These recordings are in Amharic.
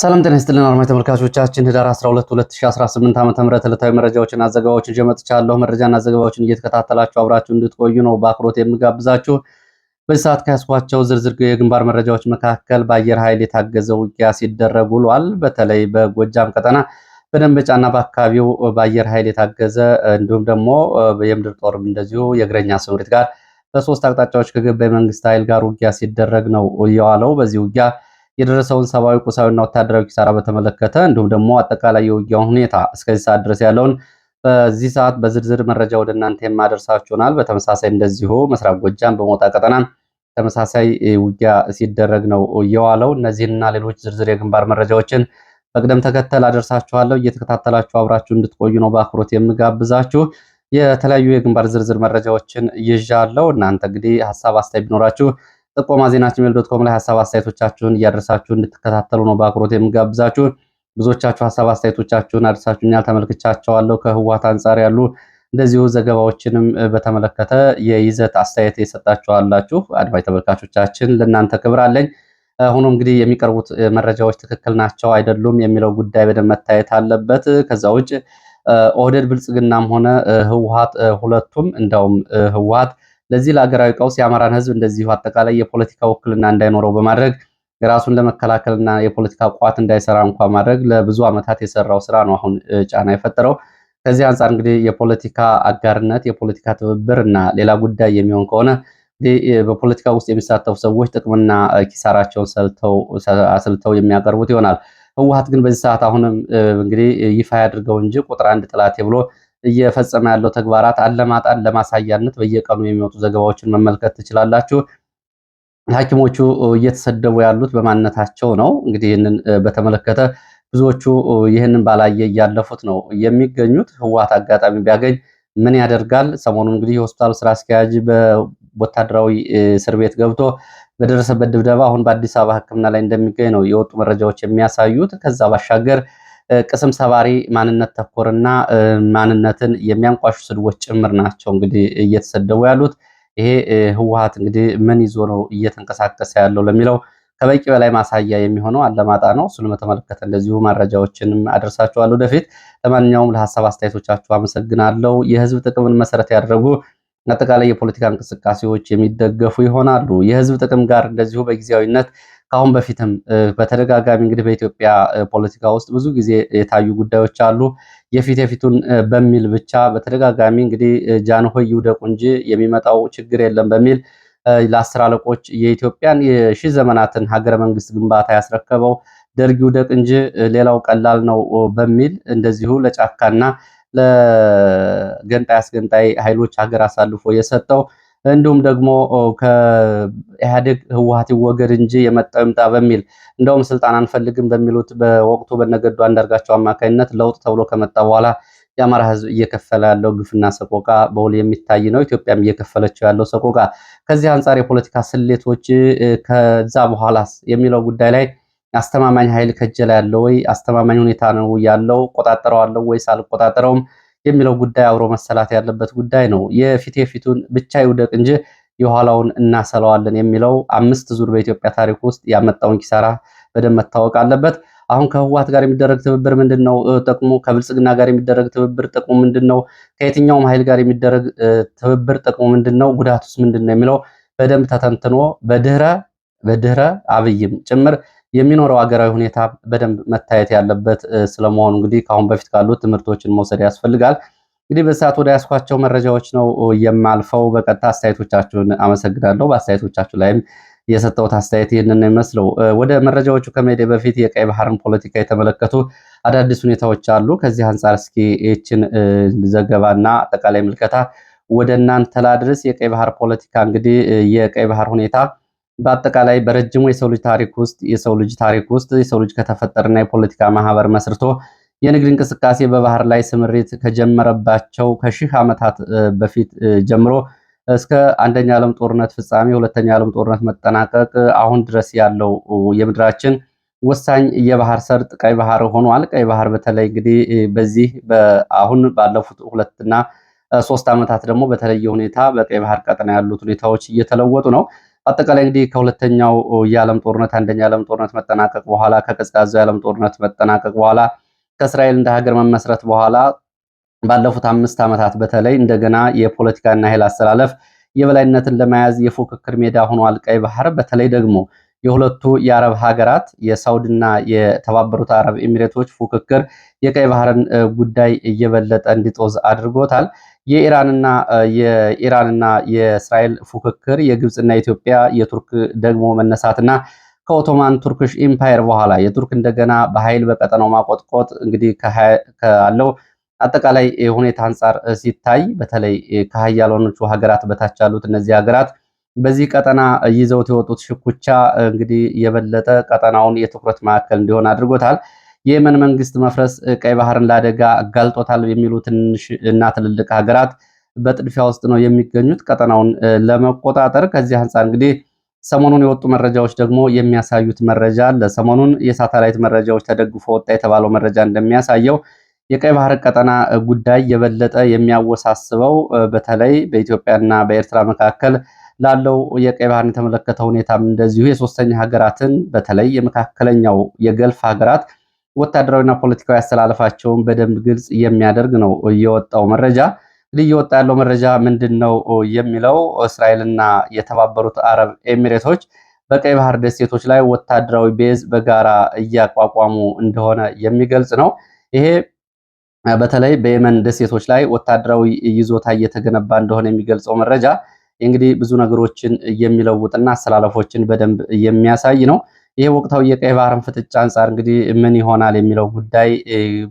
ሰላም ጤና ይስጥልን አድማጭ ተመልካቾቻችን፣ ህዳር 12 2018 ዓ.ም ተመረተ ዕለታዊ መረጃዎችና ዘገባዎችን ይዤ መረጃና ዘገባዎችን እየተከታተላችሁ አብራችሁ እንድትቆዩ ነው በአክብሮት የምጋብዛችሁ። በዚህ ሰዓት ከያስኳቸው ዝርዝር የግንባር መረጃዎች መካከል በአየር ኃይል የታገዘ ውጊያ ሲደረግ ውሏል። በተለይ በጎጃም ቀጠና በደንበጫና በአካባቢው በአየር ኃይል የታገዘ እንዲሁም ደግሞ የምድር ጦርም እንደዚሁ የእግረኛ ስምሪት ጋር በሶስት አቅጣጫዎች ከገባ የመንግስት ኃይል ጋር ውጊያ ሲደረግ ነው የዋለው። በዚህ ውጊያ የደረሰውን ሰብአዊ ቁሳዊና ወታደራዊ ኪሳራ በተመለከተ እንዲሁም ደግሞ አጠቃላይ የውጊያውን ሁኔታ እስከዚህ ሰዓት ድረስ ያለውን በዚህ ሰዓት በዝርዝር መረጃ ወደ እናንተ የማደርሳችሁናል። በተመሳሳይ እንደዚሁ ምስራቅ ጎጃም በሞጣ ቀጠና ተመሳሳይ ውጊያ ሲደረግ ነው የዋለው። እነዚህንና ሌሎች ዝርዝር የግንባር መረጃዎችን በቅደም ተከተል አደርሳችኋለሁ። እየተከታተላችሁ አብራችሁ እንድትቆዩ ነው በአክብሮት የምጋብዛችሁ። የተለያዩ የግንባር ዝርዝር መረጃዎችን ይዣለሁ። እናንተ እንግዲህ ሀሳብ አስተያየት ቢኖራችሁ ጥቆማ ዜና ጂሜል ዶት ኮም ላይ ሀሳብ አስተያየቶቻችሁን እያደረሳችሁ እንድትከታተሉ ነው በአክብሮት የምጋብዛችሁ። ብዙዎቻችሁ ሀሳብ አስተያየቶቻችሁን አድርሳችሁኛል፣ ተመልክቻቸዋለሁ። ከህወሓት አንጻር ያሉ እንደዚሁ ዘገባዎችንም በተመለከተ የይዘት አስተያየት የሰጣችኋላችሁ አድማጭ ተመልካቾቻችን ለእናንተ ክብር አለኝ። ሆኖ እንግዲህ የሚቀርቡት መረጃዎች ትክክል ናቸው አይደሉም የሚለው ጉዳይ በደንብ መታየት አለበት። ከዛ ውጭ ኦህዴድ ብልጽግናም ሆነ ህወሓት ሁለቱም እንደውም ህወሓት ለዚህ ለሀገራዊ ቀውስ የአማራን ህዝብ እንደዚሁ አጠቃላይ የፖለቲካ ውክልና እንዳይኖረው በማድረግ የራሱን ለመከላከልና የፖለቲካ ቋት እንዳይሰራ እንኳ ማድረግ ለብዙ ዓመታት የሰራው ስራ ነው አሁን ጫና የፈጠረው። ከዚህ አንጻር እንግዲህ የፖለቲካ አጋርነት፣ የፖለቲካ ትብብር እና ሌላ ጉዳይ የሚሆን ከሆነ በፖለቲካ ውስጥ የሚሳተፉ ሰዎች ጥቅምና ኪሳራቸውን አስልተው የሚያቀርቡት ይሆናል። ህወሀት ግን በዚህ ሰዓት አሁንም እንግዲህ ይፋ ያድርገው እንጂ ቁጥር አንድ ጥላቴ ብሎ እየፈጸመ ያለው ተግባራት አለማጣን ለማሳያነት በየቀኑ የሚወጡ ዘገባዎችን መመልከት ትችላላችሁ። ሐኪሞቹ እየተሰደቡ ያሉት በማንነታቸው ነው። እንግዲህ ይህንን በተመለከተ ብዙዎቹ ይህንን ባላየ እያለፉት ነው የሚገኙት። ህወሓት አጋጣሚ ቢያገኝ ምን ያደርጋል? ሰሞኑን እንግዲህ የሆስፒታሉ ስራ አስኪያጅ በወታደራዊ እስር ቤት ገብቶ በደረሰበት ድብደባ አሁን በአዲስ አበባ ሕክምና ላይ እንደሚገኝ ነው የወጡ መረጃዎች የሚያሳዩት። ከዛ ባሻገር ቅስም ሰባሪ ማንነት ተኮርና ማንነትን የሚያንቋሹ ስድቦች ጭምር ናቸው እንግዲህ እየተሰደቡ ያሉት። ይሄ ህወሀት እንግዲህ ምን ይዞ ነው እየተንቀሳቀሰ ያለው ለሚለው ከበቂ በላይ ማሳያ የሚሆነው አለማጣ ነው። እሱን በተመለከተ እንደዚሁ መረጃዎችንም አደርሳችኋል ወደፊት። ለማንኛውም ለሀሳብ አስተያየቶቻችሁ አመሰግናለሁ። የህዝብ ጥቅምን መሰረት ያደረጉ አጠቃላይ የፖለቲካ እንቅስቃሴዎች የሚደገፉ ይሆናሉ። የህዝብ ጥቅም ጋር እንደዚሁ በጊዜያዊነት ከአሁን በፊትም በተደጋጋሚ እንግዲህ በኢትዮጵያ ፖለቲካ ውስጥ ብዙ ጊዜ የታዩ ጉዳዮች አሉ። የፊት የፊቱን በሚል ብቻ በተደጋጋሚ እንግዲህ ጃንሆይ ይውደቁ እንጂ የሚመጣው ችግር የለም በሚል ለአስር አለቆች የኢትዮጵያን የሺህ ዘመናትን ሀገረ መንግስት ግንባታ ያስረከበው ደርግ ይውደቅ እንጂ ሌላው ቀላል ነው በሚል እንደዚሁ ለጫካና ለገንጣይ አስገንጣይ ኃይሎች ሀገር አሳልፎ የሰጠው እንዲሁም ደግሞ ከኢህአዴግ ህወሀት ይወገድ እንጂ የመጣው ይምጣ በሚል እንደውም ስልጣን አንፈልግም በሚሉት በወቅቱ በነገዱ አንዳርጋቸው አማካኝነት ለውጥ ተብሎ ከመጣ በኋላ የአማራ ህዝብ እየከፈለ ያለው ግፍና ሰቆቃ በውል የሚታይ ነው። ኢትዮጵያም እየከፈለችው ያለው ሰቆቃ ከዚህ አንጻር የፖለቲካ ስሌቶች ከዛ በኋላስ የሚለው ጉዳይ ላይ አስተማማኝ ኃይል ከጀላ ያለው ወይ አስተማማኝ ሁኔታ ነው ያለው ቆጣጠረዋለሁ ወይስ አልቆጣጠረውም የሚለው ጉዳይ አብሮ መሰላት ያለበት ጉዳይ ነው። የፊት የፊቱን ብቻ ይውደቅ እንጂ የኋላውን እናሰለዋለን የሚለው አምስት ዙር በኢትዮጵያ ታሪክ ውስጥ ያመጣውን ኪሳራ በደንብ መታወቅ አለበት። አሁን ከህወሓት ጋር የሚደረግ ትብብር ምንድን ነው ጥቅሙ? ከብልጽግና ጋር የሚደረግ ትብብር ጥቅሙ ምንድን ነው? ከየትኛውም ኃይል ጋር የሚደረግ ትብብር ጥቅሙ ምንድን ነው? ጉዳቱስ ምንድን ነው የሚለው በደንብ ተተንትኖ በድህረ በድህረ አብይም ጭምር የሚኖረው ሀገራዊ ሁኔታ በደንብ መታየት ያለበት ስለመሆኑ እንግዲህ ከአሁን በፊት ካሉት ትምህርቶችን መውሰድ ያስፈልጋል። እንግዲህ በሰዓት ወደ ያስኳቸው መረጃዎች ነው የማልፈው። በቀጥታ አስተያየቶቻችሁን አመሰግናለሁ። በአስተያየቶቻችሁ ላይም የሰጠሁት አስተያየት ይህንን ነው የሚመስለው። ወደ መረጃዎቹ ከመሄዴ በፊት የቀይ ባህርን ፖለቲካ የተመለከቱ አዳዲስ ሁኔታዎች አሉ። ከዚህ አንጻር እስኪ ይህችን ዘገባና አጠቃላይ ምልከታ ወደ እናንተ ላድርስ። የቀይ ባህር ፖለቲካ እንግዲህ የቀይ ባህር ሁኔታ በአጠቃላይ በረጅሙ የሰው ልጅ ታሪክ ውስጥ የሰው ልጅ ታሪክ ውስጥ የሰው ልጅ ከተፈጠረና የፖለቲካ ማህበር መስርቶ የንግድ እንቅስቃሴ በባህር ላይ ስምሪት ከጀመረባቸው ከሺህ ዓመታት በፊት ጀምሮ እስከ አንደኛ ዓለም ጦርነት ፍጻሜ፣ ሁለተኛ ዓለም ጦርነት መጠናቀቅ አሁን ድረስ ያለው የምድራችን ወሳኝ የባህር ሰርጥ ቀይ ባህር ሆኗል። ቀይ ባህር በተለይ እንግዲህ በዚህ አሁን ባለፉት ሁለትና ሶስት ዓመታት ደግሞ በተለየ ሁኔታ በቀይ ባህር ቀጠና ያሉት ሁኔታዎች እየተለወጡ ነው። አጠቃላይ እንግዲህ ከሁለተኛው የዓለም ጦርነት አንደኛ የዓለም ጦርነት መጠናቀቅ በኋላ ከቀዝቃዛው የዓለም ጦርነት መጠናቀቅ በኋላ ከእስራኤል እንደ ሀገር መመስረት በኋላ ባለፉት አምስት ዓመታት በተለይ እንደገና የፖለቲካና ኃይል አሰላለፍ የበላይነትን ለመያዝ የፉክክር ሜዳ ሆኗል ቀይ ባህር። በተለይ ደግሞ የሁለቱ የአረብ ሀገራት የሳውድና የተባበሩት አረብ ኤሚሬቶች ፉክክር የቀይ ባህርን ጉዳይ እየበለጠ እንዲጦዝ አድርጎታል። የኢራንና የኢራንና የእስራኤል ፉክክር የግብፅና ኢትዮጵያ የቱርክ ደግሞ መነሳትና ከኦቶማን ቱርክሽ ኢምፓየር በኋላ የቱርክ እንደገና በኃይል በቀጠናው ማቆጥቆጥ እንግዲህ ካለው አጠቃላይ ሁኔታ አንጻር ሲታይ በተለይ ከሀያላኖቹ ሀገራት በታች ያሉት እነዚህ ሀገራት በዚህ ቀጠና ይዘውት የወጡት ሽኩቻ እንግዲህ የበለጠ ቀጠናውን የትኩረት ማዕከል እንዲሆን አድርጎታል። የየመን መንግስት መፍረስ ቀይ ባህርን ለአደጋ አጋልጦታል የሚሉ ትንሽ እና ትልልቅ ሀገራት በጥድፊያ ውስጥ ነው የሚገኙት ቀጠናውን ለመቆጣጠር። ከዚህ አንጻር እንግዲህ ሰሞኑን የወጡ መረጃዎች ደግሞ የሚያሳዩት መረጃ አለ። ሰሞኑን የሳተላይት መረጃዎች ተደግፎ ወጣ የተባለው መረጃ እንደሚያሳየው የቀይ ባህር ቀጠና ጉዳይ የበለጠ የሚያወሳስበው በተለይ በኢትዮጵያና በኤርትራ መካከል ላለው የቀይ ባህርን የተመለከተ ሁኔታም እንደዚሁ የሶስተኛ ሀገራትን በተለይ የመካከለኛው የገልፍ ሀገራት ወታደራዊና ፖለቲካዊ አሰላለፋቸውን በደንብ ግልጽ የሚያደርግ ነው የወጣው መረጃ። እንግዲህ እየወጣ ያለው መረጃ ምንድን ነው የሚለው እስራኤልና የተባበሩት አረብ ኤሚሬቶች በቀይ ባህር ደሴቶች ላይ ወታደራዊ ቤዝ በጋራ እያቋቋሙ እንደሆነ የሚገልጽ ነው። ይሄ በተለይ በየመን ደሴቶች ላይ ወታደራዊ ይዞታ እየተገነባ እንደሆነ የሚገልጸው መረጃ እንግዲህ ብዙ ነገሮችን የሚለውጥና አሰላለፎችን በደንብ የሚያሳይ ነው። ይህ ወቅታዊ የቀይ ባህርን ፍጥጫ አንጻር እንግዲህ ምን ይሆናል የሚለው ጉዳይ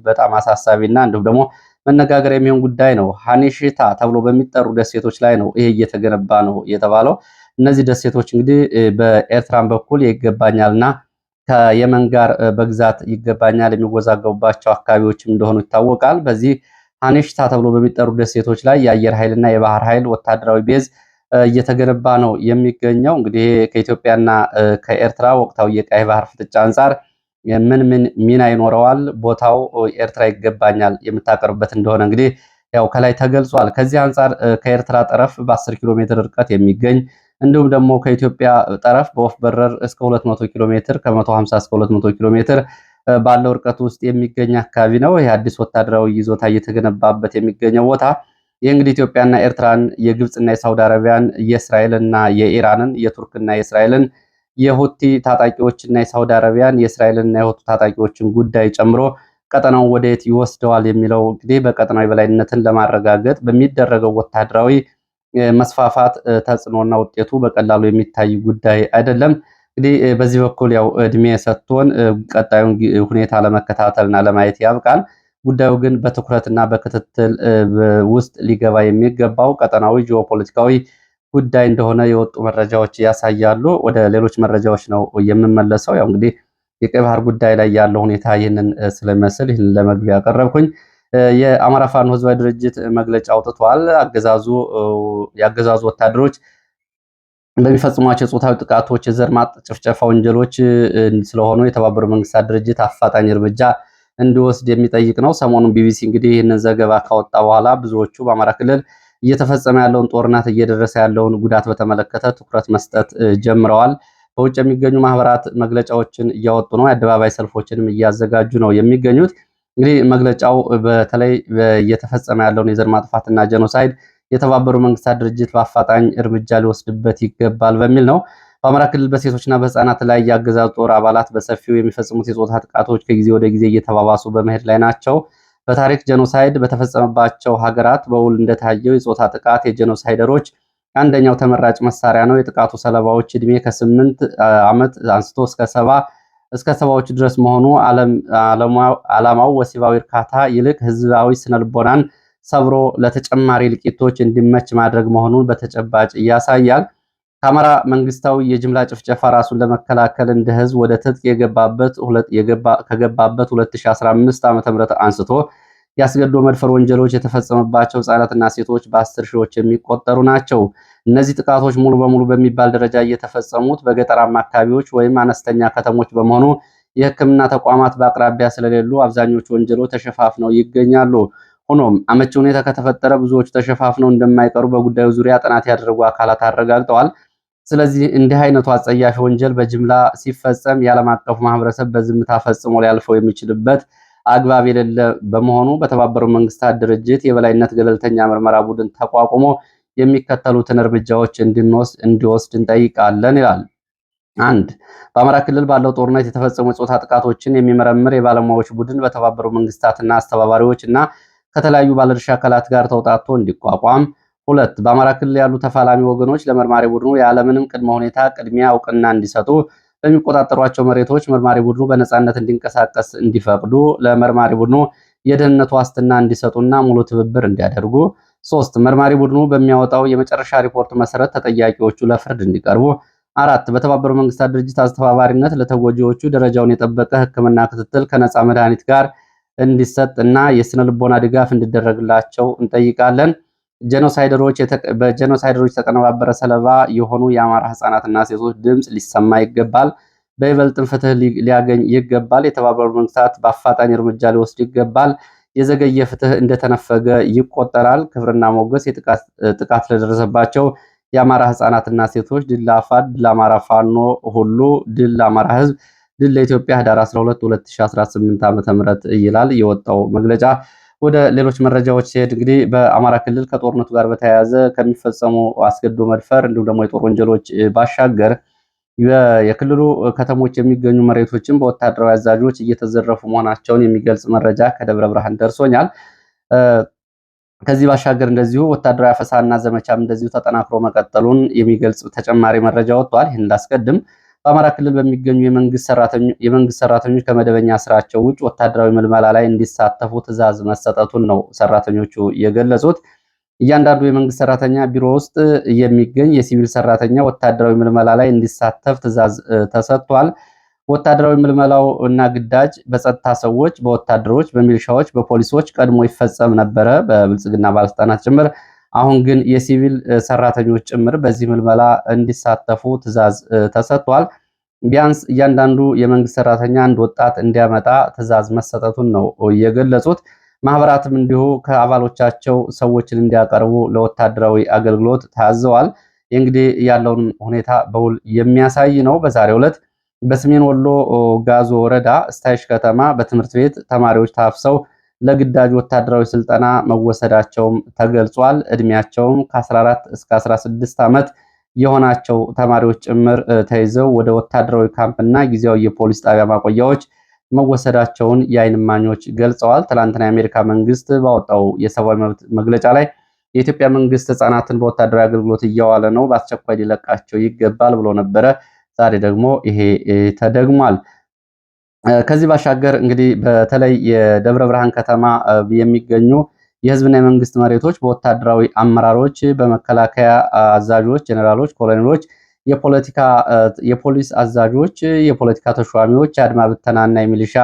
በጣም አሳሳቢና እንዲሁም ደግሞ መነጋገር የሚሆን ጉዳይ ነው። ሀኒሽታ ተብሎ በሚጠሩ ደሴቶች ላይ ነው ይሄ እየተገነባ ነው የተባለው። እነዚህ ደሴቶች እንግዲህ በኤርትራን በኩል ይገባኛልና ከየመን ጋር በግዛት ይገባኛል የሚወዛገቡባቸው አካባቢዎችም እንደሆኑ ይታወቃል። በዚህ ሀኒሽታ ተብሎ በሚጠሩ ደሴቶች ላይ የአየር ኃይልና የባህር ኃይል ወታደራዊ ቤዝ እየተገነባ ነው የሚገኘው። እንግዲህ ከኢትዮጵያና ከኤርትራ ወቅታዊ የቀይ ባህር ፍጥጫ አንጻር ምን ምን ሚና ይኖረዋል፣ ቦታው ኤርትራ ይገባኛል የምታቀርብበት እንደሆነ እንግዲህ ያው ከላይ ተገልጿል። ከዚህ አንጻር ከኤርትራ ጠረፍ በ10 ኪሎ ሜትር ርቀት የሚገኝ እንዲሁም ደግሞ ከኢትዮጵያ ጠረፍ በወፍ በረር እስከ 200 ኪሎ ሜትር ከ150 እስከ 200 ኪሎ ሜትር ባለው እርቀት ውስጥ የሚገኝ አካባቢ ነው። ይህ አዲስ ወታደራዊ ይዞታ እየተገነባበት የሚገኘው ቦታ ይህ እንግዲህ ኢትዮጵያና ኤርትራን የግብፅና የሳውዲ አረቢያን የእስራኤልና የኢራንን የቱርክና የእስራኤልን የሁቲ ታጣቂዎችና የሳውዲ አረቢያን የእስራኤልና የሁቲ ታጣቂዎችን ጉዳይ ጨምሮ ቀጠናው ወደየት ይወስደዋል የሚለው እንግዲህ በቀጠናዊ በላይነትን ለማረጋገጥ በሚደረገው ወታደራዊ መስፋፋት ተጽዕኖና ውጤቱ በቀላሉ የሚታይ ጉዳይ አይደለም። እንግዲህ በዚህ በኩል ያው እድሜ ሰጥቶን ቀጣዩን ሁኔታ ለመከታተልና ለማየት ያብቃል። ጉዳዩ ግን በትኩረትና በክትትል ውስጥ ሊገባ የሚገባው ቀጠናዊ ጂኦፖለቲካዊ ጉዳይ እንደሆነ የወጡ መረጃዎች ያሳያሉ። ወደ ሌሎች መረጃዎች ነው የምመለሰው። ያው እንግዲህ የቀይ ባህር ጉዳይ ላይ ያለው ሁኔታ ይህንን ስለመስል ይህንን ለመግቢያ ያቀረብኩኝ። የአማራ ፋኖ ህዝባዊ ድርጅት መግለጫ አውጥቷል። አገዛዙ የአገዛዙ ወታደሮች በሚፈጽሟቸው የጾታዊ ጥቃቶች፣ የዘር ማጥ ጭፍጨፋ ወንጀሎች ስለሆኑ የተባበሩ መንግስታት ድርጅት አፋጣኝ እርምጃ እንዲወስድ የሚጠይቅ ነው። ሰሞኑን ቢቢሲ እንግዲህ ይህንን ዘገባ ካወጣ በኋላ ብዙዎቹ በአማራ ክልል እየተፈጸመ ያለውን ጦርነት እየደረሰ ያለውን ጉዳት በተመለከተ ትኩረት መስጠት ጀምረዋል። በውጭ የሚገኙ ማህበራት መግለጫዎችን እያወጡ ነው። የአደባባይ ሰልፎችንም እያዘጋጁ ነው የሚገኙት። እንግዲህ መግለጫው በተለይ እየተፈጸመ ያለውን የዘር ማጥፋትና ጀኖሳይድ የተባበሩ መንግስታት ድርጅት በአፋጣኝ እርምጃ ሊወስድበት ይገባል በሚል ነው። በአማራ ክልል በሴቶችና በህፃናት ላይ የአገዛዝ ጦር አባላት በሰፊው የሚፈጽሙት የጾታ ጥቃቶች ከጊዜ ወደ ጊዜ እየተባባሱ በመሄድ ላይ ናቸው። በታሪክ ጀኖሳይድ በተፈጸመባቸው ሀገራት በውል እንደታየው የጾታ ጥቃት የጀኖሳይደሮች አንደኛው ተመራጭ መሳሪያ ነው። የጥቃቱ ሰለባዎች እድሜ ከስምንት ዓመት አንስቶ እስከ ሰባ እስከ ሰባዎቹ ድረስ መሆኑ ዓላማው ወሲባዊ እርካታ ይልቅ ህዝባዊ ስነልቦናን ሰብሮ ለተጨማሪ ልቂቶች እንዲመች ማድረግ መሆኑን በተጨባጭ ያሳያል። ከአማራ መንግስታዊ የጅምላ ጭፍጨፋ ራሱን ለመከላከል እንደ ህዝብ ወደ ትጥቅ የገባበት ከገባበት 2015 ዓ.ም አንስቶ ያስገዶ መድፈር ወንጀሎች የተፈጸመባቸው ህጻናትና ሴቶች በአስር ሺዎች የሚቆጠሩ ናቸው። እነዚህ ጥቃቶች ሙሉ በሙሉ በሚባል ደረጃ እየተፈጸሙት በገጠራማ አካባቢዎች ወይም አነስተኛ ከተሞች በመሆኑ የህክምና ተቋማት በአቅራቢያ ስለሌሉ አብዛኞቹ ወንጀሎች ተሸፋፍነው ይገኛሉ። ሆኖም አመቺ ሁኔታ ከተፈጠረ ብዙዎቹ ተሸፋፍነው እንደማይቀሩ በጉዳዩ ዙሪያ ጥናት ያደረጉ አካላት አረጋግጠዋል። ስለዚህ እንዲህ አይነቱ አጸያፊ ወንጀል በጅምላ ሲፈጸም የዓለም አቀፉ ማህበረሰብ በዝምታ ፈጽሞ ሊያልፈው የሚችልበት አግባብ የሌለ በመሆኑ በተባበሩ መንግስታት ድርጅት የበላይነት ገለልተኛ ምርመራ ቡድን ተቋቁሞ የሚከተሉትን እርምጃዎች እንዲወስድ እንጠይቃለን ይላል። አንድ በአማራ ክልል ባለው ጦርነት የተፈጸሙ የጾታ ጥቃቶችን የሚመረምር የባለሙያዎች ቡድን በተባበሩ መንግስታትና አስተባባሪዎች እና ከተለያዩ ባለድርሻ አካላት ጋር ተውጣቶ እንዲቋቋም ሁለት በአማራ ክልል ያሉ ተፋላሚ ወገኖች ለመርማሪ ቡድኑ ያለምንም ቅድመ ሁኔታ ቅድሚያ እውቅና እንዲሰጡ በሚቆጣጠሯቸው መሬቶች መርማሪ ቡድኑ በነፃነት እንዲንቀሳቀስ እንዲፈቅዱ ለመርማሪ ቡድኑ የደህንነት ዋስትና እንዲሰጡና ሙሉ ትብብር እንዲያደርጉ። ሶስት መርማሪ ቡድኑ በሚያወጣው የመጨረሻ ሪፖርት መሰረት ተጠያቂዎቹ ለፍርድ እንዲቀርቡ። አራት በተባበሩት መንግስታት ድርጅት አስተባባሪነት ለተጎጂዎቹ ደረጃውን የጠበቀ ሕክምና ክትትል ከነፃ መድኃኒት ጋር እንዲሰጥ እና የስነ ልቦና ድጋፍ እንዲደረግላቸው እንጠይቃለን። በጀኖሳይደሮች የተቀነባበረ ሰለባ የሆኑ የአማራ ህጻናትና ሴቶች ድምፅ ሊሰማ ይገባል። በይበልጥም ፍትህ ሊያገኝ ይገባል። የተባበሩት መንግስታት በአፋጣኝ እርምጃ ሊወስድ ይገባል። የዘገየ ፍትህ እንደተነፈገ ይቆጠራል። ክብርና ሞገስ። ጥቃት ለደረሰባቸው የአማራ ህጻናትና ሴቶች ድል ለአፋድ፣ ድል ለአማራ ፋኖ ሁሉ፣ ድል ለአማራ ህዝብ፣ ድል ለኢትዮጵያ። ህዳር 12 2018 ዓ ም ይላል የወጣው መግለጫ። ወደ ሌሎች መረጃዎች ሲሄድ እንግዲህ በአማራ ክልል ከጦርነቱ ጋር በተያያዘ ከሚፈጸሙ አስገድዶ መድፈር እንዲሁም ደግሞ የጦር ወንጀሎች ባሻገር የክልሉ ከተሞች የሚገኙ መሬቶችን በወታደራዊ አዛዦች እየተዘረፉ መሆናቸውን የሚገልጽ መረጃ ከደብረ ብርሃን ደርሶኛል። ከዚህ ባሻገር እንደዚሁ ወታደራዊ አፈሳና ዘመቻም እንደዚሁ ተጠናክሮ መቀጠሉን የሚገልጽ ተጨማሪ መረጃ ወጥቷል። ይህን እንዳስቀድም በአማራ ክልል በሚገኙ የመንግስት ሰራተኞች ከመደበኛ ስራቸው ውጭ ወታደራዊ ምልመላ ላይ እንዲሳተፉ ትዕዛዝ መሰጠቱን ነው ሰራተኞቹ የገለጹት። እያንዳንዱ የመንግስት ሰራተኛ ቢሮ ውስጥ የሚገኝ የሲቪል ሰራተኛ ወታደራዊ ምልመላ ላይ እንዲሳተፍ ትዕዛዝ ተሰጥቷል። ወታደራዊ ምልመላው እና ግዳጅ በጸጥታ ሰዎች፣ በወታደሮች፣ በሚልሻዎች በፖሊሶች ቀድሞ ይፈጸም ነበረ በብልጽግና ባለስልጣናት ጭምር አሁን ግን የሲቪል ሰራተኞች ጭምር በዚህ ምልመላ እንዲሳተፉ ትዕዛዝ ተሰጥቷል። ቢያንስ እያንዳንዱ የመንግስት ሰራተኛ አንድ ወጣት እንዲያመጣ ትዕዛዝ መሰጠቱን ነው የገለጹት። ማህበራትም እንዲሁ ከአባሎቻቸው ሰዎችን እንዲያቀርቡ ለወታደራዊ አገልግሎት ታዘዋል። እንግዲህ ያለውን ሁኔታ በውል የሚያሳይ ነው። በዛሬው ዕለት በሰሜን ወሎ ጋዞ ወረዳ ስታይሽ ከተማ በትምህርት ቤት ተማሪዎች ታፍሰው ለግዳጅ ወታደራዊ ስልጠና መወሰዳቸውም ተገልጿል። እድሜያቸውም ከ14 እስከ 16 ዓመት የሆናቸው ተማሪዎች ጭምር ተይዘው ወደ ወታደራዊ ካምፕና ጊዜያዊ የፖሊስ ጣቢያ ማቆያዎች መወሰዳቸውን የአይን እማኞች ገልጸዋል። ትላንትና የአሜሪካ መንግስት ባወጣው የሰብአዊ መብት መግለጫ ላይ የኢትዮጵያ መንግስት ህጻናትን በወታደራዊ አገልግሎት እያዋለ ነው፣ በአስቸኳይ ሊለቃቸው ይገባል ብሎ ነበረ። ዛሬ ደግሞ ይሄ ተደግሟል። ከዚህ ባሻገር እንግዲህ በተለይ የደብረ ብርሃን ከተማ የሚገኙ የህዝብና የመንግስት መሬቶች በወታደራዊ አመራሮች፣ በመከላከያ አዛዦች፣ ጀኔራሎች፣ ኮሎኔሎች፣ የፖሊስ አዛዦች፣ የፖለቲካ ተሿሚዎች፣ የአድማ ብተናና የሚሊሻ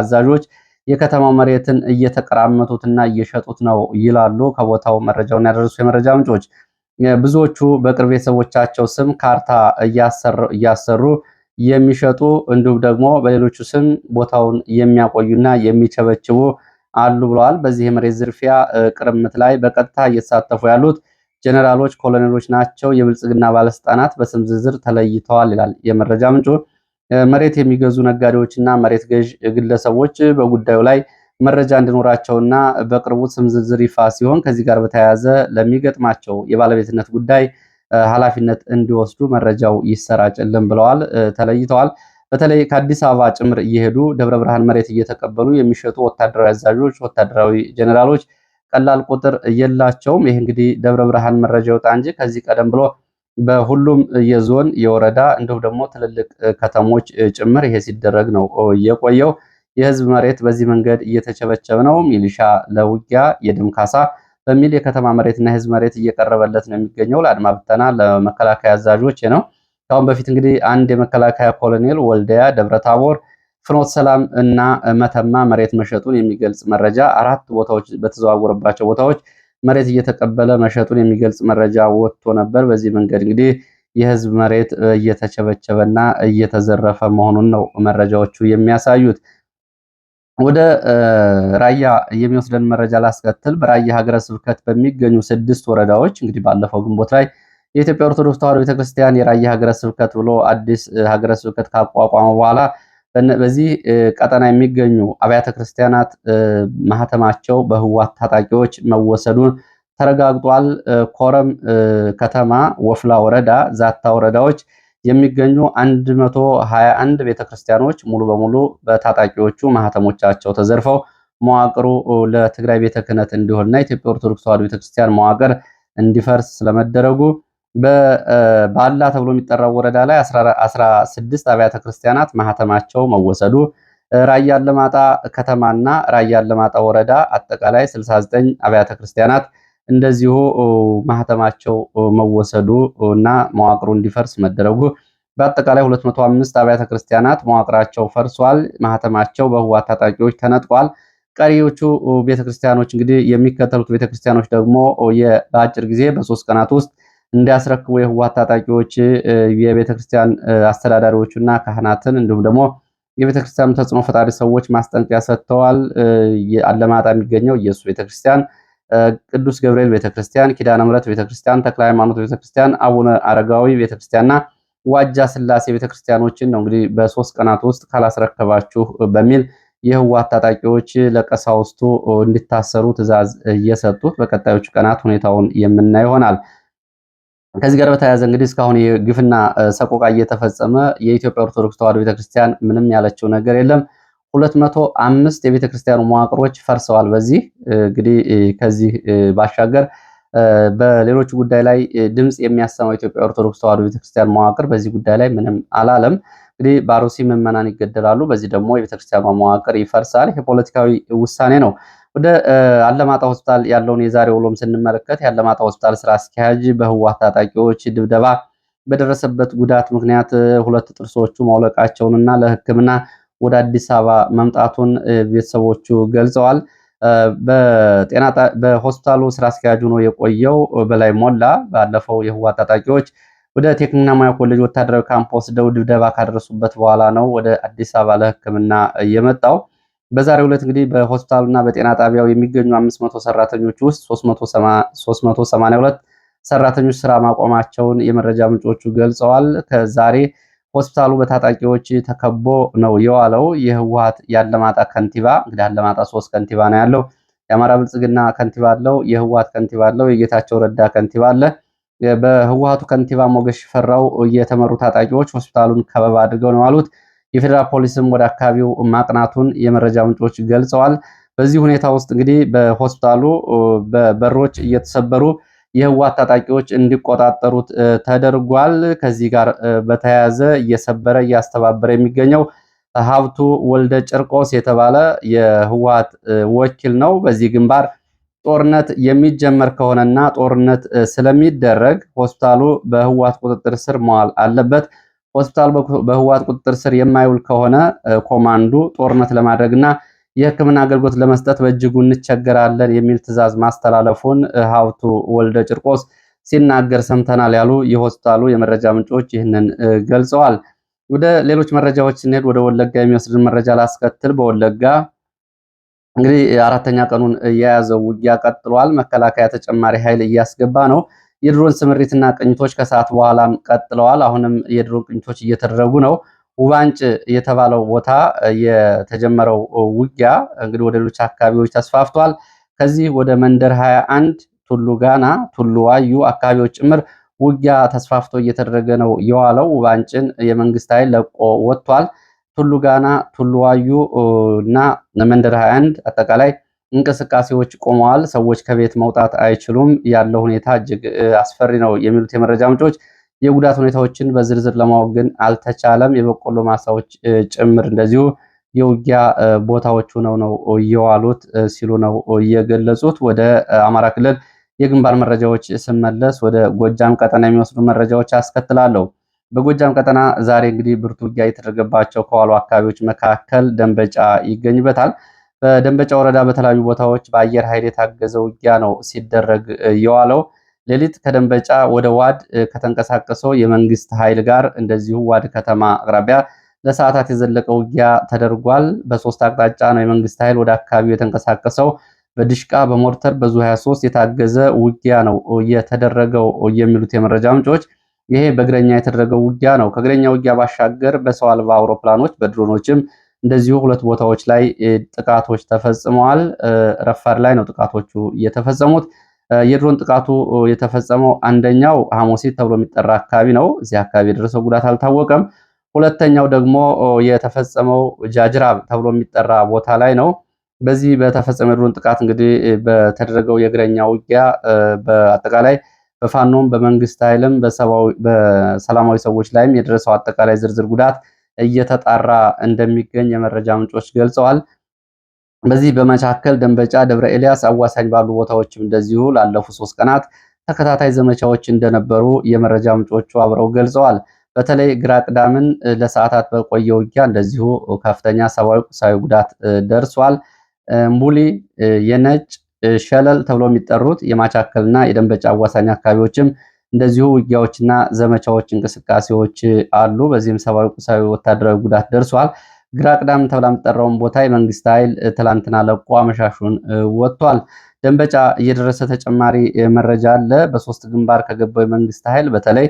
አዛዦች የከተማው መሬትን እየተቀራመቱትና እየሸጡት ነው ይላሉ ከቦታው መረጃውን ያደረሱ የመረጃ ምንጮች። ብዙዎቹ በቅርብ ቤተሰቦቻቸው ስም ካርታ እያሰሩ የሚሸጡ እንዲሁም ደግሞ በሌሎቹ ስም ቦታውን የሚያቆዩና የሚቸበችቡ አሉ ብለዋል። በዚህ የመሬት ዝርፊያ ቅርምት ላይ በቀጥታ እየተሳተፉ ያሉት ጀነራሎች፣ ኮሎኔሎች ናቸው። የብልጽግና ባለስልጣናት በስም ዝርዝር ተለይተዋል ይላል የመረጃ ምንጩ። መሬት የሚገዙ ነጋዴዎችና መሬት ገዥ ግለሰቦች በጉዳዩ ላይ መረጃ እንዲኖራቸውና በቅርቡ ስም ዝርዝር ይፋ ሲሆን ከዚህ ጋር በተያያዘ ለሚገጥማቸው የባለቤትነት ጉዳይ ኃላፊነት እንዲወስዱ መረጃው ይሰራጭልን ብለዋል። ተለይተዋል። በተለይ ከአዲስ አበባ ጭምር እየሄዱ ደብረ ብርሃን መሬት እየተቀበሉ የሚሸጡ ወታደራዊ አዛዦች፣ ወታደራዊ ጀኔራሎች ቀላል ቁጥር የላቸውም። ይህ እንግዲህ ደብረ ብርሃን መረጃ ይወጣ እንጂ ከዚህ ቀደም ብሎ በሁሉም የዞን የወረዳ እንዲሁም ደግሞ ትልልቅ ከተሞች ጭምር ይሄ ሲደረግ ነው የቆየው። የህዝብ መሬት በዚህ መንገድ እየተቸበቸበ ነው። ሚሊሻ ለውጊያ የደም ካሳ በሚል የከተማ መሬትና የህዝብ መሬት እየቀረበለት ነው የሚገኘው። ለአድማ ብተና ለመከላከያ አዛዦች ነው። ከአሁን በፊት እንግዲህ አንድ የመከላከያ ኮሎኔል ወልደያ ደብረታቦር፣ ፍኖት ሰላም እና መተማ መሬት መሸጡን የሚገልጽ መረጃ አራት ቦታዎች በተዘዋወረባቸው ቦታዎች መሬት እየተቀበለ መሸጡን የሚገልጽ መረጃ ወጥቶ ነበር። በዚህ መንገድ እንግዲህ የህዝብ መሬት እየተቸበቸበና እየተዘረፈ መሆኑን ነው መረጃዎቹ የሚያሳዩት። ወደ ራያ የሚወስደን መረጃ ላስከትል። በራያ ሀገረ ስብከት በሚገኙ ስድስት ወረዳዎች እንግዲህ ባለፈው ግንቦት ላይ የኢትዮጵያ ኦርቶዶክስ ተዋሕዶ ቤተክርስቲያን የራያ ሀገረ ስብከት ብሎ አዲስ ሀገረ ስብከት ካቋቋመ በኋላ በዚህ ቀጠና የሚገኙ አብያተ ክርስቲያናት ማህተማቸው በህዋት ታጣቂዎች መወሰዱን ተረጋግጧል። ኮረም ከተማ፣ ወፍላ ወረዳ፣ ዛታ ወረዳዎች የሚገኙ 121 ቤተክርስቲያኖች ሙሉ በሙሉ በታጣቂዎቹ ማህተሞቻቸው ተዘርፈው መዋቅሩ ለትግራይ ቤተ ክህነት እንዲሆንና ኢትዮጵያ ኦርቶዶክስ ተዋሕዶ ቤተክርስቲያን መዋቅር እንዲፈርስ ስለመደረጉ በባላ ተብሎ የሚጠራው ወረዳ ላይ 16 አብያተ ክርስቲያናት ማህተማቸው መወሰዱ፣ ራያ አላማጣ ከተማና ራያ አላማጣ ወረዳ አጠቃላይ 69 አብያተ ክርስቲያናት እንደዚሁ ማህተማቸው መወሰዱ እና መዋቅሩ እንዲፈርስ መደረጉ በአጠቃላይ 205 አብያተ ክርስቲያናት መዋቅራቸው ፈርሷል፣ ማህተማቸው በህዋ ታጣቂዎች ተነጥቋል። ቀሪዎቹ ቤተክርስቲያኖች እንግዲህ የሚከተሉት ቤተክርስቲያኖች ደግሞ በአጭር ጊዜ በሶስት ቀናት ውስጥ እንዲያስረክቡ የህዋ ታጣቂዎች የቤተክርስቲያን እና ካህናትን እንዲሁም ደግሞ የቤተክርስቲያኑ ተጽዕኖ ፈጣሪ ሰዎች ማስጠንቀቂያ ሰጥተዋል። አለማጣ የሚገኘው ኢየሱስ ቤተክርስቲያን ቅዱስ ገብርኤል ቤተክርስቲያን፣ ኪዳነ ምሕረት ቤተክርስቲያን፣ ተክለ ሃይማኖት ቤተክርስቲያን፣ አቡነ አረጋዊ ቤተክርስቲያንና ዋጃ ስላሴ ቤተክርስቲያኖችን ነው እንግዲህ በሶስት ቀናት ውስጥ ካላስረከባችሁ በሚል የህወሓት ታጣቂዎች ለቀሳውስቱ እንዲታሰሩ ትዕዛዝ እየሰጡት በቀጣዮቹ ቀናት ሁኔታውን የምናይ ይሆናል። ከዚህ ጋር በተያያዘ እንግዲህ እስካሁን የግፍና ሰቆቃ እየተፈጸመ የኢትዮጵያ ኦርቶዶክስ ተዋሕዶ ቤተክርስቲያን ምንም ያለችው ነገር የለም። ሁለት መቶ አምስት የቤተ ክርስቲያኑ መዋቅሮች ፈርሰዋል። በዚህ እንግዲህ ከዚህ ባሻገር በሌሎች ጉዳይ ላይ ድምፅ የሚያሰማው ኢትዮጵያ ኦርቶዶክስ ተዋሕዶ ቤተክርስቲያን መዋቅር በዚህ ጉዳይ ላይ ምንም አላለም። እንግዲህ በአርሲ ምዕመናን ይገደላሉ፣ በዚህ ደግሞ የቤተክርስቲያኗ መዋቅር ይፈርሳል። ይህ ፖለቲካዊ ውሳኔ ነው። ወደ አለማጣ ሆስፒታል ያለውን የዛሬ ውሎም ስንመለከት የአለማጣ ሆስፒታል ስራ አስኪያጅ በህዋ ታጣቂዎች ድብደባ በደረሰበት ጉዳት ምክንያት ሁለት ጥርሶቹ ማውለቃቸውንና ለሕክምና ወደ አዲስ አበባ መምጣቱን ቤተሰቦቹ ገልጸዋል። በሆስፒታሉ ስራ አስኪያጅ ሆኖ የቆየው በላይ ሞላ ባለፈው የህዋ ታጣቂዎች ወደ ቴክኒክና ሙያ ኮሌጅ ወታደራዊ ካምፕ ወስደው ድብደባ ካደረሱበት በኋላ ነው ወደ አዲስ አበባ ለህክምና የመጣው። በዛሬው ዕለት እንግዲህ በሆስፒታሉና በጤና ጣቢያው የሚገኙ 500 ሰራተኞች ውስጥ 382 ሰራተኞች ስራ ማቆማቸውን የመረጃ ምንጮቹ ገልጸዋል። ከዛሬ ሆስፒታሉ በታጣቂዎች ተከቦ ነው የዋለው። የህወሀት የአለማጣ ከንቲባ እንግዲህ አለማጣ ሶስት ከንቲባ ነው ያለው። የአማራ ብልጽግና ከንቲባ አለው፣ የህወሀት ከንቲባ አለው፣ የጌታቸው ረዳ ከንቲባ አለ። በህወሀቱ ከንቲባ ሞገሽ ፈራው የተመሩ ታጣቂዎች ሆስፒታሉን ከበባ አድርገው ነው ያሉት። የፌዴራል ፖሊስም ወደ አካባቢው ማቅናቱን የመረጃ ምንጮች ገልጸዋል። በዚህ ሁኔታ ውስጥ እንግዲህ በሆስፒታሉ በበሮች እየተሰበሩ የህወሓት ታጣቂዎች እንዲቆጣጠሩት ተደርጓል። ከዚህ ጋር በተያያዘ እየሰበረ እያስተባበረ የሚገኘው ሀብቱ ወልደ ጨርቆስ የተባለ የህወሀት ወኪል ነው። በዚህ ግንባር ጦርነት የሚጀመር ከሆነና ጦርነት ስለሚደረግ ሆስፒታሉ በህወሀት ቁጥጥር ስር መዋል አለበት። ሆስፒታሉ በህወሀት ቁጥጥር ስር የማይውል ከሆነ ኮማንዱ ጦርነት ለማድረግና የህክምና አገልግሎት ለመስጠት በእጅጉ እንቸገራለን የሚል ትዕዛዝ ማስተላለፉን ሀብቱ ወልደ ጭርቆስ ሲናገር ሰምተናል ያሉ የሆስፒታሉ የመረጃ ምንጮች ይህንን ገልጸዋል። ወደ ሌሎች መረጃዎች ስንሄድ ወደ ወለጋ የሚወስድን መረጃ ላስከትል። በወለጋ እንግዲህ አራተኛ ቀኑን የያዘው ውጊያ ቀጥሏል። መከላከያ ተጨማሪ ኃይል እያስገባ ነው። የድሮን ስምሪትና ቅኝቶች ከሰዓት በኋላም ቀጥለዋል። አሁንም የድሮን ቅኝቶች እየተደረጉ ነው። ውባንጭ የተባለው ቦታ የተጀመረው ውጊያ እንግዲህ ወደ ሌሎች አካባቢዎች ተስፋፍቷል። ከዚህ ወደ መንደር 21 ቱሉ ጋና፣ ቱሉ ዋዩ አካባቢዎች ጭምር ውጊያ ተስፋፍቶ እየተደረገ ነው የዋለው። ውባንጭን የመንግስት ኃይል ለቆ ወጥቷል። ቱሉ ጋና፣ ቱሉ ዋዩ እና መንደር 21 አጠቃላይ እንቅስቃሴዎች ቆመዋል። ሰዎች ከቤት መውጣት አይችሉም። ያለው ሁኔታ እጅግ አስፈሪ ነው የሚሉት የመረጃ ምንጮች የጉዳት ሁኔታዎችን በዝርዝር ለማወቅ ግን አልተቻለም። የበቆሎ ማሳዎች ጭምር እንደዚሁ የውጊያ ቦታዎቹ ነው ነው እየዋሉት ሲሉ ነው እየገለጹት። ወደ አማራ ክልል የግንባር መረጃዎች ስመለስ ወደ ጎጃም ቀጠና የሚወስዱ መረጃዎች አስከትላለሁ። በጎጃም ቀጠና ዛሬ እንግዲህ ብርቱ ውጊያ የተደረገባቸው ከዋሉ አካባቢዎች መካከል ደንበጫ ይገኝበታል። በደንበጫ ወረዳ በተለያዩ ቦታዎች በአየር ኃይል የታገዘ ውጊያ ነው ሲደረግ የዋለው። ሌሊት ከደንበጫ ወደ ዋድ ከተንቀሳቀሰው የመንግስት ኃይል ጋር እንደዚሁ ዋድ ከተማ አቅራቢያ ለሰዓታት የዘለቀ ውጊያ ተደርጓል። በሶስት አቅጣጫ ነው የመንግስት ኃይል ወደ አካባቢው የተንቀሳቀሰው። በድሽቃ በሞርተር በዙ 23 የታገዘ ውጊያ ነው የተደረገው የሚሉት የመረጃ ምንጮች ይሄ በእግረኛ የተደረገው ውጊያ ነው። ከእግረኛ ውጊያ ባሻገር በሰው አልባ አውሮፕላኖች በድሮኖችም እንደዚሁ ሁለት ቦታዎች ላይ ጥቃቶች ተፈጽመዋል። ረፋድ ላይ ነው ጥቃቶቹ እየተፈጸሙት። የድሮን ጥቃቱ የተፈጸመው አንደኛው ሐሙሲት ተብሎ የሚጠራ አካባቢ ነው። እዚህ አካባቢ የደረሰው ጉዳት አልታወቀም። ሁለተኛው ደግሞ የተፈጸመው ጃጅራብ ተብሎ የሚጠራ ቦታ ላይ ነው። በዚህ በተፈጸመ የድሮን ጥቃት እንግዲህ በተደረገው የእግረኛ ውጊያ በአጠቃላይ በፋኖም በመንግስት ኃይልም በሰላማዊ ሰዎች ላይም የደረሰው አጠቃላይ ዝርዝር ጉዳት እየተጣራ እንደሚገኝ የመረጃ ምንጮች ገልጸዋል። በዚህ በመቻከል ደንበጫ፣ ደብረ ኤልያስ አዋሳኝ ባሉ ቦታዎችም እንደዚሁ ላለፉት ሶስት ቀናት ተከታታይ ዘመቻዎች እንደነበሩ የመረጃ ምንጮቹ አብረው ገልጸዋል። በተለይ ግራ ቅዳምን ለሰዓታት በቆየ ውጊያ እንደዚሁ ከፍተኛ ሰብአዊ፣ ቁሳዊ ጉዳት ደርሷል። ሙሊ የነጭ ሸለል ተብሎ የሚጠሩት የማቻከልና የደንበጫ አዋሳኝ አካባቢዎችም እንደዚሁ ውጊያዎችና ዘመቻዎች እንቅስቃሴዎች አሉ። በዚህም ሰብአዊ፣ ቁሳዊ፣ ወታደራዊ ጉዳት ደርሷል። ግራ ቅዳም ተብላ የምትጠራውን ቦታ የመንግስት ኃይል ትላንትና ለቆ አመሻሹን ወጥቷል። ደንበጫ እየደረሰ ተጨማሪ መረጃ አለ። በሶስት ግንባር ከገባው የመንግስት ኃይል በተለይ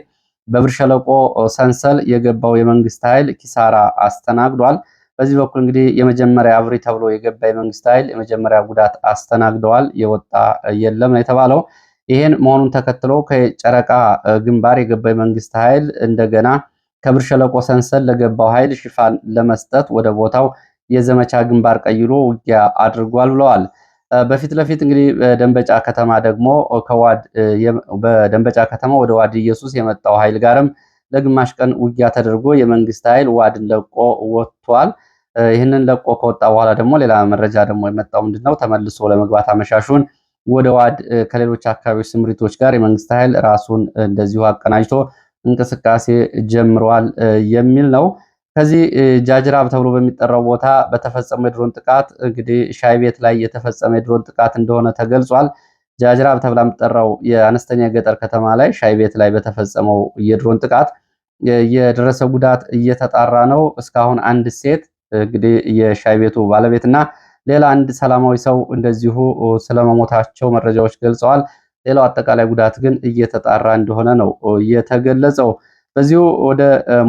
በብር ሸለቆ ሰንሰል የገባው የመንግስት ኃይል ኪሳራ አስተናግዷል። በዚህ በኩል እንግዲህ የመጀመሪያ አብሪ ተብሎ የገባ የመንግስት ኃይል የመጀመሪያ ጉዳት አስተናግደዋል። የወጣ የለም ነው የተባለው። ይህን መሆኑን ተከትሎ ከጨረቃ ግንባር የገባ የመንግስት ኃይል እንደገና ከብር ሸለቆ ሰንሰል ለገባው ኃይል ሽፋን ለመስጠት ወደ ቦታው የዘመቻ ግንባር ቀይሮ ውጊያ አድርጓል ብለዋል። በፊት ለፊት እንግዲህ በደንበጫ ከተማ ደግሞ ከዋድ በደንበጫ ከተማ ወደ ዋድ ኢየሱስ የመጣው ኃይል ጋርም ለግማሽ ቀን ውጊያ ተደርጎ የመንግስት ኃይል ዋድን ለቆ ወጥቷል። ይህንን ለቆ ከወጣ በኋላ ደግሞ ሌላ መረጃ ደግሞ የመጣው ምንድነው? ተመልሶ ለመግባት አመሻሹን ወደ ዋድ ከሌሎች አካባቢዎች ስምሪቶች ጋር የመንግስት ኃይል ራሱን እንደዚሁ አቀናጅቶ እንቅስቃሴ ጀምሯል የሚል ነው። ከዚህ ጃጅራብ ተብሎ በሚጠራው ቦታ በተፈጸመ የድሮን ጥቃት እንግዲህ ሻይ ቤት ላይ የተፈጸመ የድሮን ጥቃት እንደሆነ ተገልጿል። ጃጅራብ ተብላ የምትጠራው የአነስተኛ የገጠር ከተማ ላይ ሻይ ቤት ላይ በተፈጸመው የድሮን ጥቃት የደረሰ ጉዳት እየተጣራ ነው። እስካሁን አንድ ሴት እንግዲህ የሻይ ቤቱ ባለቤትና ሌላ አንድ ሰላማዊ ሰው እንደዚሁ ስለመሞታቸው መረጃዎች ገልጸዋል። ሌላው አጠቃላይ ጉዳት ግን እየተጣራ እንደሆነ ነው እየተገለጸው። በዚሁ ወደ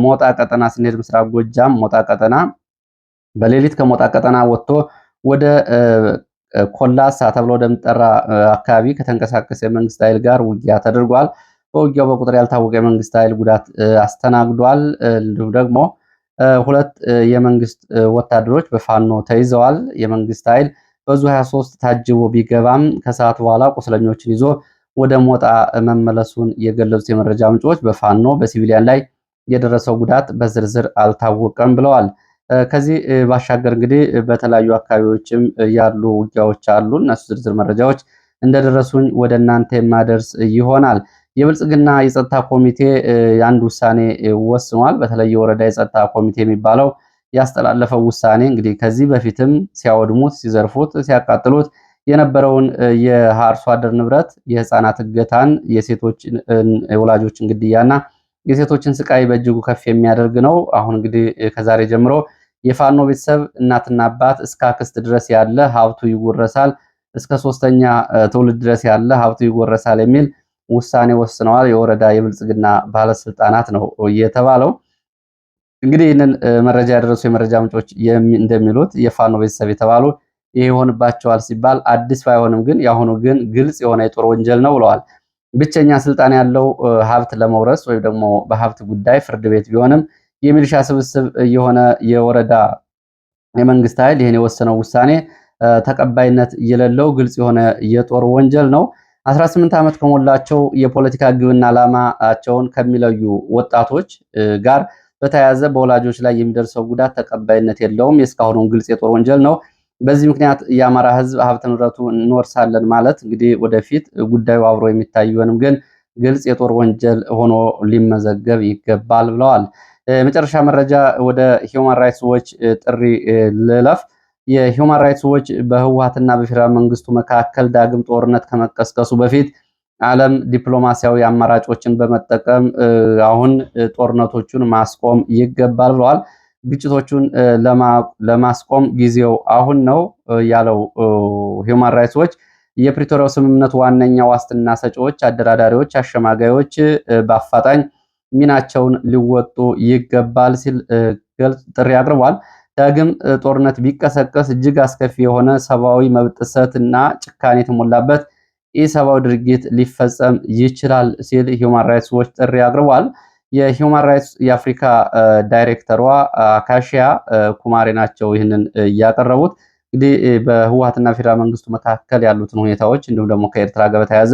ሞጣ ቀጠና ስንሄድ ምስራቅ ጎጃም ሞጣ ቀጠና በሌሊት ከሞጣ ቀጠና ወጥቶ ወደ ኮላሳ ተብሎ ወደሚጠራ አካባቢ ከተንቀሳቀሰ የመንግስት ኃይል ጋር ውጊያ ተደርጓል። በውጊያው በቁጥር ያልታወቀ የመንግስት ኃይል ጉዳት አስተናግዷል። እንዲሁም ደግሞ ሁለት የመንግስት ወታደሮች በፋኖ ተይዘዋል። የመንግስት ኃይል በዙ 23 ታጅቦ ቢገባም ከሰዓት በኋላ ቁስለኞችን ይዞ ወደ ሞጣ መመለሱን የገለጹት የመረጃ ምንጮች በፋኖ በሲቪሊያን ላይ የደረሰው ጉዳት በዝርዝር አልታወቀም ብለዋል። ከዚህ ባሻገር እንግዲህ በተለያዩ አካባቢዎችም ያሉ ውጊያዎች አሉ። እነሱ ዝርዝር መረጃዎች እንደደረሱኝ ወደ እናንተ የማደርስ ይሆናል። የብልጽግና የጸጥታ ኮሚቴ አንድ ውሳኔ ወስኗል። በተለይ የወረዳ የጸጥታ ኮሚቴ የሚባለው ያስተላለፈው ውሳኔ እንግዲህ ከዚህ በፊትም ሲያወድሙት፣ ሲዘርፉት፣ ሲያቃጥሉት የነበረውን የአርሶ አደር ንብረት የህፃናት እገታን፣ የሴቶች ወላጆችን ግድያና የሴቶችን ስቃይ በእጅጉ ከፍ የሚያደርግ ነው። አሁን እንግዲህ ከዛሬ ጀምሮ የፋኖ ቤተሰብ እናትና አባት እስከ አክስት ድረስ ያለ ሀብቱ ይወረሳል፣ እስከ ሶስተኛ ትውልድ ድረስ ያለ ሀብቱ ይወረሳል የሚል ውሳኔ ወስነዋል የወረዳ የብልጽግና ባለስልጣናት ነው የተባለው። እንግዲህ ይህንን መረጃ ያደረሱ የመረጃ ምንጮች እንደሚሉት የፋኖ ቤተሰብ የተባሉ ይህ ይሆንባቸዋል ሲባል አዲስ ባይሆንም ግን የአሁኑ ግን ግልጽ የሆነ የጦር ወንጀል ነው ብለዋል። ብቸኛ ስልጣን ያለው ሀብት ለመውረስ ወይም ደግሞ በሀብት ጉዳይ ፍርድ ቤት ቢሆንም የሚሊሻ ስብስብ የሆነ የወረዳ የመንግስት ኃይል ይህን የወሰነው ውሳኔ ተቀባይነት የሌለው ግልጽ የሆነ የጦር ወንጀል ነው። 18 ዓመት ከሞላቸው የፖለቲካ ግብና ዓላማቸውን ከሚለዩ ወጣቶች ጋር በተያያዘ በወላጆች ላይ የሚደርሰው ጉዳት ተቀባይነት የለውም። የእስካሁኑም ግልጽ የጦር ወንጀል ነው። በዚህ ምክንያት የአማራ ህዝብ ሀብት ንብረቱ እንወርሳለን ማለት እንግዲህ ወደፊት ጉዳዩ አብሮ የሚታይ ቢሆንም ግን ግልጽ የጦር ወንጀል ሆኖ ሊመዘገብ ይገባል ብለዋል። የመጨረሻ መረጃ ወደ ሂውማን ራይትስ ዎች ጥሪ ልለፍ። የሂውማን ራይትስ ዎች በህወሀትና በፌዴራል መንግስቱ መካከል ዳግም ጦርነት ከመቀስቀሱ በፊት ዓለም ዲፕሎማሲያዊ አማራጮችን በመጠቀም አሁን ጦርነቶቹን ማስቆም ይገባል ብለዋል። ግጭቶቹን ለማስቆም ጊዜው አሁን ነው ያለው ሂውማን ራይትስ ዎች የፕሪቶሪያው ስምምነት ዋነኛ ዋስትና ሰጪዎች፣ አደራዳሪዎች፣ አሸማጋዮች በአፋጣኝ ሚናቸውን ሊወጡ ይገባል ሲል ገልጽ ጥሪ አቅርቧል። ዳግም ጦርነት ቢቀሰቀስ እጅግ አስከፊ የሆነ ሰብአዊ መብት ጥሰት እና ጭካኔ የተሞላበት ኢሰብአዊ ድርጊት ሊፈጸም ይችላል ሲል ሂውማን ራይትስ ዎች ጥሪ አቅርቧል። የሂውማን ራይትስ የአፍሪካ ዳይሬክተሯ አካሽያ ኩማሬ ናቸው ይህንን እያቀረቡት። እንግዲህ በህወሀትና ፌዴራል መንግስቱ መካከል ያሉትን ሁኔታዎች እንዲሁም ደግሞ ከኤርትራ ጋር በተያያዘ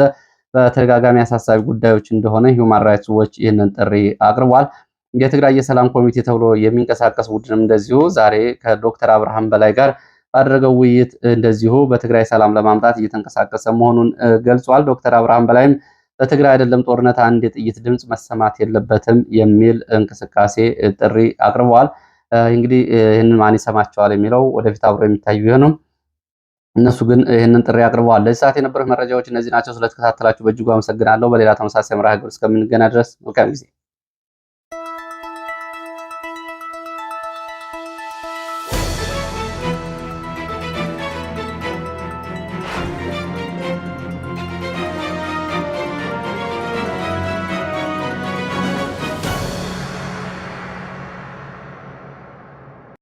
በተደጋጋሚ አሳሳቢ ጉዳዮች እንደሆነ ሂውማን ራይትስ ዎች ይህንን ጥሪ አቅርቧል። የትግራይ የሰላም ኮሚቴ ተብሎ የሚንቀሳቀስ ቡድንም እንደዚሁ ዛሬ ከዶክተር አብርሃም በላይ ጋር ባደረገው ውይይት እንደዚሁ በትግራይ ሰላም ለማምጣት እየተንቀሳቀሰ መሆኑን ገልጿል። ዶክተር አብርሃም በላይም በትግራይ አይደለም ጦርነት አንድ የጥይት ድምፅ መሰማት የለበትም የሚል እንቅስቃሴ ጥሪ አቅርበዋል። እንግዲህ ይህንን ማን ይሰማቸዋል የሚለው ወደፊት አብሮ የሚታዩ ቢሆንም እነሱ ግን ይህንን ጥሪ አቅርበዋል። ለዚህ ሰዓት የነበሩት መረጃዎች እነዚህ ናቸው። ስለተከታተላችሁ በእጅጉ አመሰግናለሁ። በሌላ ተመሳሳይ መርሃ ግብር እስከምንገና ድረስ መልካም ጊዜ